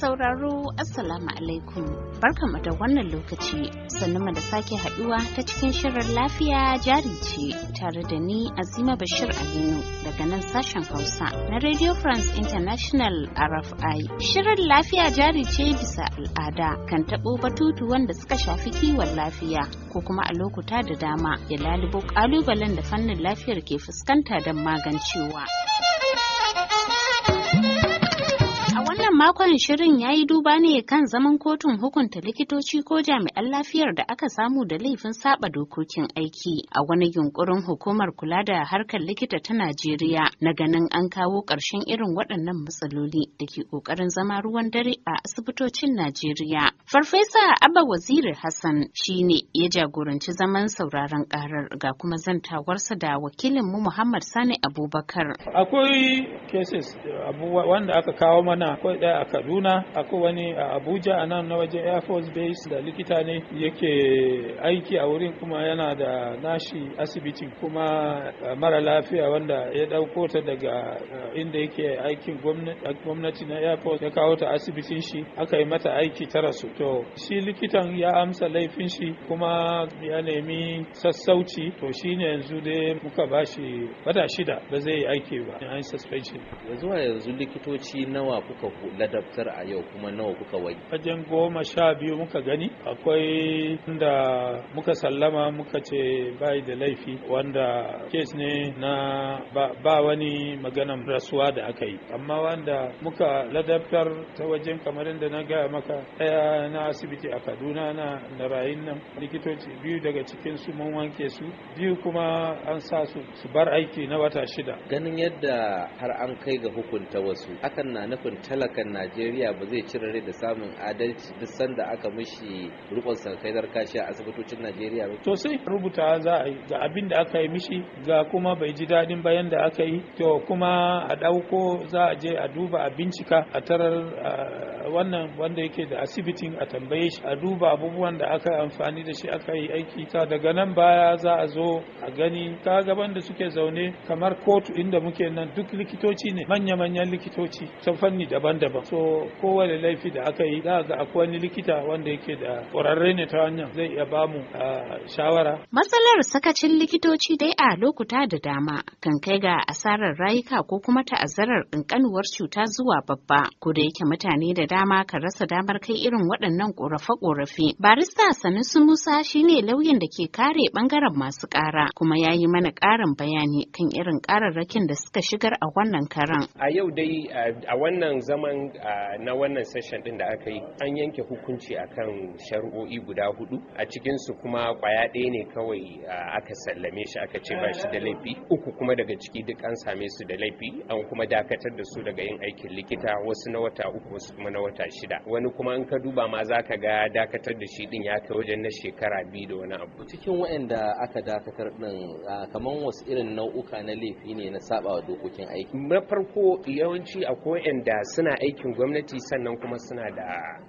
sauraro Assalamu alaikum barkamu da wannan lokaci sannu da sake haduwa ta cikin shirin lafiya jari ce tare da ni Azima Bashir Aminu daga nan sashen Hausa na Radio France International RFI. Shirin lafiya jari ce bisa al'ada kan tabo batutu wanda suka shafi kiwon lafiya ko kuma a lokuta da dama ya lalubo kalubalen da fannin lafiyar ke fuskanta don magancewa. makon shirin ya yi duba ne kan zaman kotun hukunta likitoci ko jami'an lafiyar da aka samu da laifin saba dokokin aiki a wani yunkurin hukumar kula da harkar likita ta Najeriya na ganin an kawo ƙarshen irin waɗannan matsaloli da ke ƙoƙarin zama ruwan dare a asibitocin Najeriya. Farfesa Abba Waziri Hassan shi ne ya jagoranci zaman sauraron ƙarar ga kuma zantawarsa da wakilinmu Muhammad Sani Abubakar. Akwai cases wanda aka kawo mana akwai ɗaya a kaduna akwai wani a abuja a nan na wajen air force base da likita ne yake aiki a wurin kuma yana da nashi asibiti kuma mara lafiya wanda ya ɗauko ta daga inda yake aikin gwamnati na air force ya kawo ta asibitin shi aka yi mata aiki ta rasu to shi likitan ya amsa laifin shi kuma ya nemi sassauci to shine yanzu dai muka bashi wata shida ba zai yi aiki ba an suspension yanzu yanzu likitoci nawa kuka ladabtar a yau kuma nawa kuka wai wajen goma sha biyu muka gani akwai inda muka sallama muka ce bai da laifi wanda kes ne na ba, wani maganan rasuwa da aka yi amma wanda muka ladabtar ta wajen kamar yadda na gaya maka ɗaya na asibiti a kaduna na na nan likitoci biyu daga cikin su mun wanke su biyu kuma an sa su su bar aiki na wata shida ganin yadda har an kai ga hukunta wasu hakan na nufin talakan najeriya ba zai cire rai da samun adalci duk sanda aka mishi rikon sarkaidar kashi a asibitocin najeriya ba to sai rubuta za a yi ga abin da aka yi mishi ga kuma bai ji daɗin bayan da aka yi to kuma a ɗauko za a je a duba a bincika a tarar wannan wanda yake da asibitin a tambaye shi a duba abubuwan da aka amfani da shi aka yi aiki ta daga nan baya za a zo a gani ka gaban da suke zaune kamar kotu inda muke nan duk likitoci ne manya-manyan likitoci ta fanni daban-daban ba so kowane laifi da aka yi za ga akwai wani likita wanda yake da ƙwararre ne ta wannan zai iya ba bamu shawara matsalar sakacin likitoci dai a lokuta da dama kan kai ga asarar rayuka ko kuma ta'azzarar ƙanƙanuwar cuta zuwa babba ko da yake mutane da dama ka rasa damar kai irin waɗannan ƙorafe-ƙorafe barista sanusi musa shine lauyan da ke kare ɓangaren masu ƙara kuma ya yi mana ƙarin bayani kan irin ƙararrakin da suka shigar a wannan karan a yau dai a wannan zaman Uh, na wannan session din da aka yi an yanke hukunci akan shari'o'i guda hudu a cikinsu kuma kwaya ɗaya ne kawai uh, aka sallame shi aka ce ba shi da laifi uku kuma daga ciki duk an same su da laifi an kuma dakatar da su daga yin aikin likita wasu na wata uku wasu kuma na wata shida wani kuma in ka duba ma za ka ga dakatar da shi din ya kai wajen na shekara biyu da wani abu cikin waɗanda aka dakatar din uh, kamar wasu irin nau'uka na laifi ne na saba wa dokokin aiki na farko yawanci akwai waɗanda suna aiki aikin gwamnati sannan kuma suna da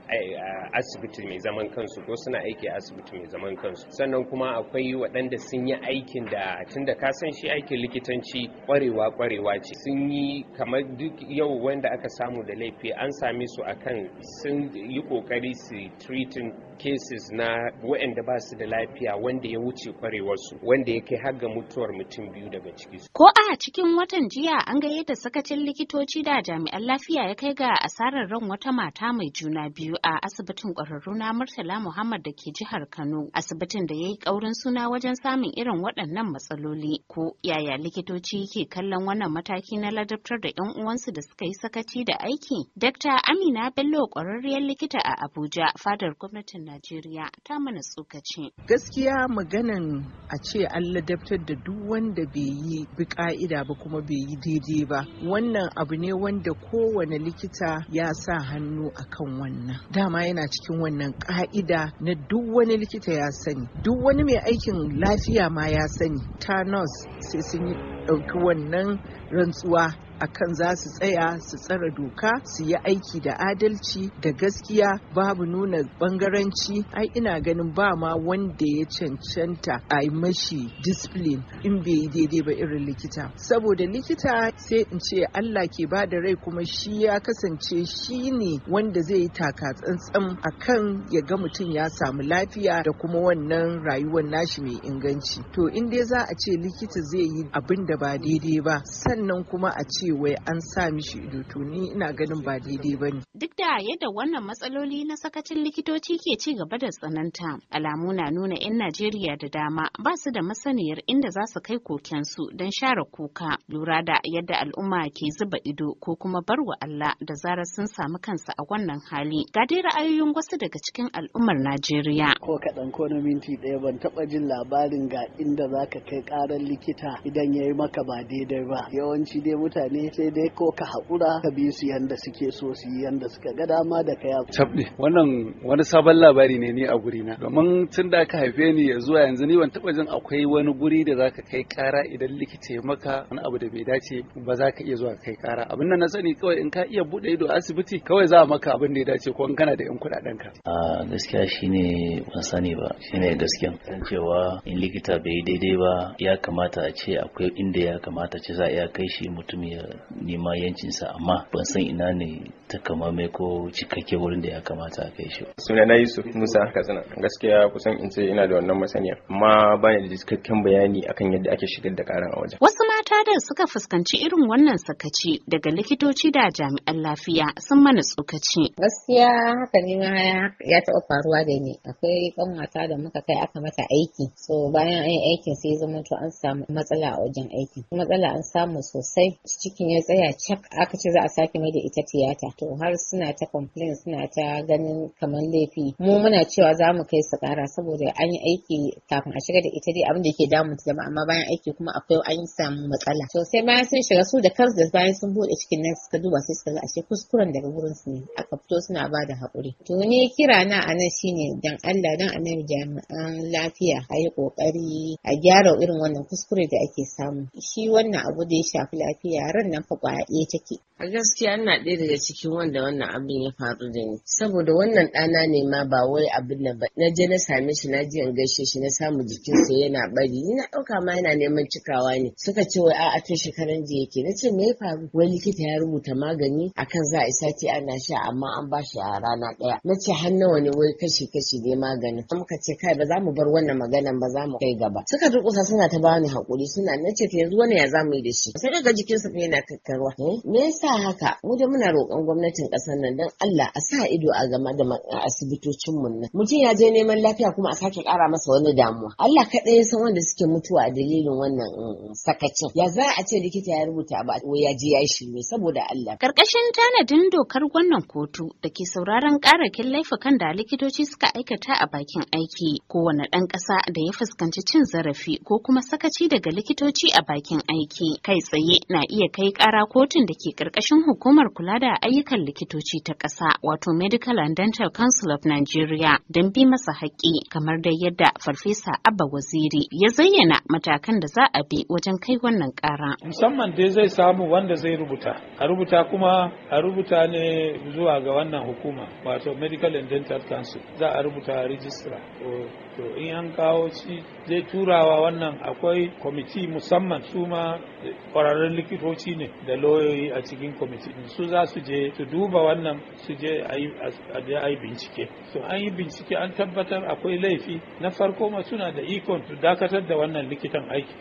asibiti mai zaman kansu ko suna aiki a asibiti mai zaman kansu sannan kuma akwai waɗanda sun yi aikin da tun da ka shi aikin likitanci ƙwarewa-ƙwarewa ce sun yi kamar duk yau wanda aka samu da laifi an same su akan sun yi kokari su treating cases na waɗanda ba su da lafiya wanda ya wuce kwarewarsu wanda ya kai har ga mutuwar mutum biyu daga ciki. Ko a cikin watan jiya an ga yadda sakacin likitoci da jami'an lafiya ya kai ga asarar ran wata mata mai juna biyu a asibitin kwararru na Murtala Muhammad da ke jihar Kano, asibitin da ya yi ƙaurin suna wajen samun irin waɗannan matsaloli. Ko yaya likitoci ke kallon wannan mataki na ladabtar da 'yan uwansu da suka yi sakaci da aiki? Dr. Amina Bello ƙwararriyar likita a Abuja, fadar gwamnatin Najeriya ta mana tsokaci. Gaskiya maganan a ce an ladabtar da duk wanda bai yi bi ka'ida ba kuma bai yi daidai ba. Wannan abu ne wanda kowane likita ya sa hannu a kan wannan. Dama yana cikin wannan ka'ida na duk wani likita ya sani. Duk wani mai aikin lafiya ma ya sani. Ta nurse sai sun ɗauki wannan rantsuwa akan za su tsaya su tsara doka su yi aiki da adalci da gaskiya babu nuna bangaranci ai ina ganin ba ma wanda ya cancanta a mashi discipline in bai yi daidai ba irin likita saboda likita sai in ce Allah ke ba da rai kuma shi ya kasance shi ne wanda zai yi taka tsantsan akan ya ga mutum ya samu lafiya da kuma wannan rayuwar nashi mai inganci to in dai za a ce likita zai yi abin da ba daidai ba sannan kuma a ce wai an sa mishi ido to ni ina ganin ba daidai ba ne. Duk da yadda wannan matsaloli na sakacin likitoci ke ci gaba da tsananta, alamu na nuna 'yan Najeriya da dama ba su da masaniyar inda za su kai kokensu don share kuka, lura da yadda al'umma ke zuba ido ko kuma barwa Allah da zarar sun samu kansu a wannan hali. Ga dai ra'ayoyin wasu daga cikin al'ummar Najeriya. Ko kaɗan ko na minti ɗaya ban taɓa jin labarin ga inda za ka kai ƙarar likita idan ya yi maka ba daidai ba. Yawanci dai mutane yi sai dai ko ka haƙura ka bi su yanda suke so su yi yanda suka ga dama da kaya. Tabbi wannan wani sabon labari ne ni a guri na domin tun da aka haife ni ya zuwa yanzu ni ban taɓa jin akwai wani guri da za ka kai kara idan likita ya maka wani abu da bai dace ba za ka iya zuwa kai kara abin nan na sani kawai in ka iya buɗe ido asibiti kawai za a maka abin da ya dace ko in kana da yan kuɗaɗen ka. A gaskiya shine ban sani ba shine gaskiya cewa in likita bai daidai ba ya kamata a ce akwai inda ya kamata ce za a iya kai shi mutum ya nema yancinsa amma ban san ina ne ta takamaimai ko cikakke wurin da ya kamata a kai shi suna na yusuf musa katsina gaskiya kusan in ce ina da wannan masaniya amma ba ni da cikakken bayani akan yadda ake shigar da karan a wajen wasu mata da suka fuskanci irin wannan sakaci daga likitoci da jami'an lafiya sun mana tsokaci gaskiya haka ne ma ya taɓa faruwa da ni akwai kanwata da muka kai aka mata aiki so bayan an yi aikin sai zama to an samu matsala a wajen aiki matsala an samu sosai cikin ya tsaya cak aka ce za a sake mai da ita tiyata to har suna ta complain suna ta ganin kamar laifi mu muna cewa za mu kai su kara saboda an yi aiki kafin a shiga da ita dai abin da ke damun ta jama'a amma bayan aiki kuma akwai an yi samu matsala to sai bayan sun shiga su da kansu bayan sun bude cikin nan suka duba sai suka ga ashe kuskuren daga gurin su ne aka fito suna ba da haƙuri to ni kira na a nan shine dan Allah dan annabi jami'an lafiya a yi ƙoƙari a gyara irin wannan kuskure da ake samu shi wannan abu da ya shafi lafiya ran nan fa kwaya take a gaskiya ana ɗaya daga cikin wanda wannan abin ya faru da ni saboda wannan ɗana ne ma ba wai abin da ba na je na same shi na ji an gaishe shi na samu jikin sa yana bari ni na ɗauka ma yana neman cikawa ne suka ce wai a'a kai shekaran jiya yake na ce me ya faru wai likita ya rubuta magani akan za a yi sati ana sha amma an ba shi a rana ɗaya na ce har nawa ne wai kashi kashi ne maganin ka ce kai ba za mu bar wannan maganan ba za mu kai gaba suka durƙusa suna ta bani hakuri, suna na ce ta yanzu wani ya za mu yi da shi sai daga jikin fa yana kakkarwa eh, me yasa A haka mu da muna roƙon gwamnatin ƙasar nan don Allah a sa ido a game da asibitocin mu nan mutum ya je neman lafiya kuma a sake ƙara masa wani damuwa Allah kaɗai ya san wanda suke mutuwa a dalilin wannan mm, sakacin ya za a ce likita ya rubuta ba ko ya je ya shirme saboda Allah karkashin tanadin dokar wannan kotu da ke sauraron ƙarakin laifukan da likitoci suka aikata a bakin aiki kowane ɗan ƙasa da ya fuskanci cin zarafi ko kuma sakaci daga likitoci a bakin aiki kai tsaye na iya kai ƙara kotun da ke karkashin ƙarƙashin hukumar kula da ayyukan likitoci ta ƙasa wato Medical and Dental Council of Nigeria don bi masa haƙƙi kamar da yadda Farfesa Abba Waziri ya zayyana matakan da za a bi wajen kai wannan ƙara. Musamman dai zai samu wanda zai rubuta. A rubuta kuma a rubuta ne zuwa ga wannan hukuma wato Medical and Dental Council za a rubuta rijistra. To in an kawo shi zai turawa wannan akwai kwamiti musamman su ma eh, kwararren likitoci ne da lauyoyi a ciki. cikin kwamiti din su za su je su duba wannan su je a yi bincike to an yi bincike an tabbatar akwai laifi na farko ma suna da ikon su dakatar da wannan likitan aiki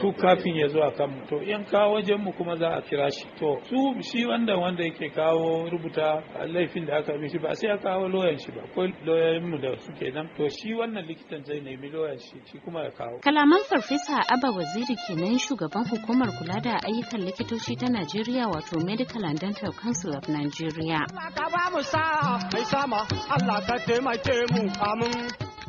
tun kafin ya zo a kanmu to in kawo wajen mu kuma za a kira shi to su shi wanda wanda yake kawo rubuta laifin da aka mishi ba sai ya kawo loyan shi ba ko loyan mu da suke nan to shi wannan likitan zai nemi loyan shi shi kuma ya kawo kalaman farfesa abba waziri kenan shugaban hukumar kula da ayyukan likitoci ta najeriya wato wato Medical and Dental Council of Nigeria.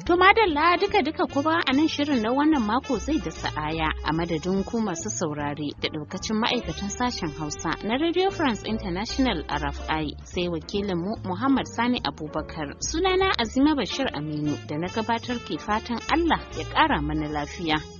To madalla duka-duka kuma a nan shirin na wannan mako zai da sa'aya a madadin ku masu saurare da ɗaukacin ma'aikatan sashen Hausa na Radio France International RFI sai wakilin mu Muhammad Sani Abubakar. Sunana Azima Bashir Aminu da na gabatar ke fatan Allah ya ƙara mana lafiya.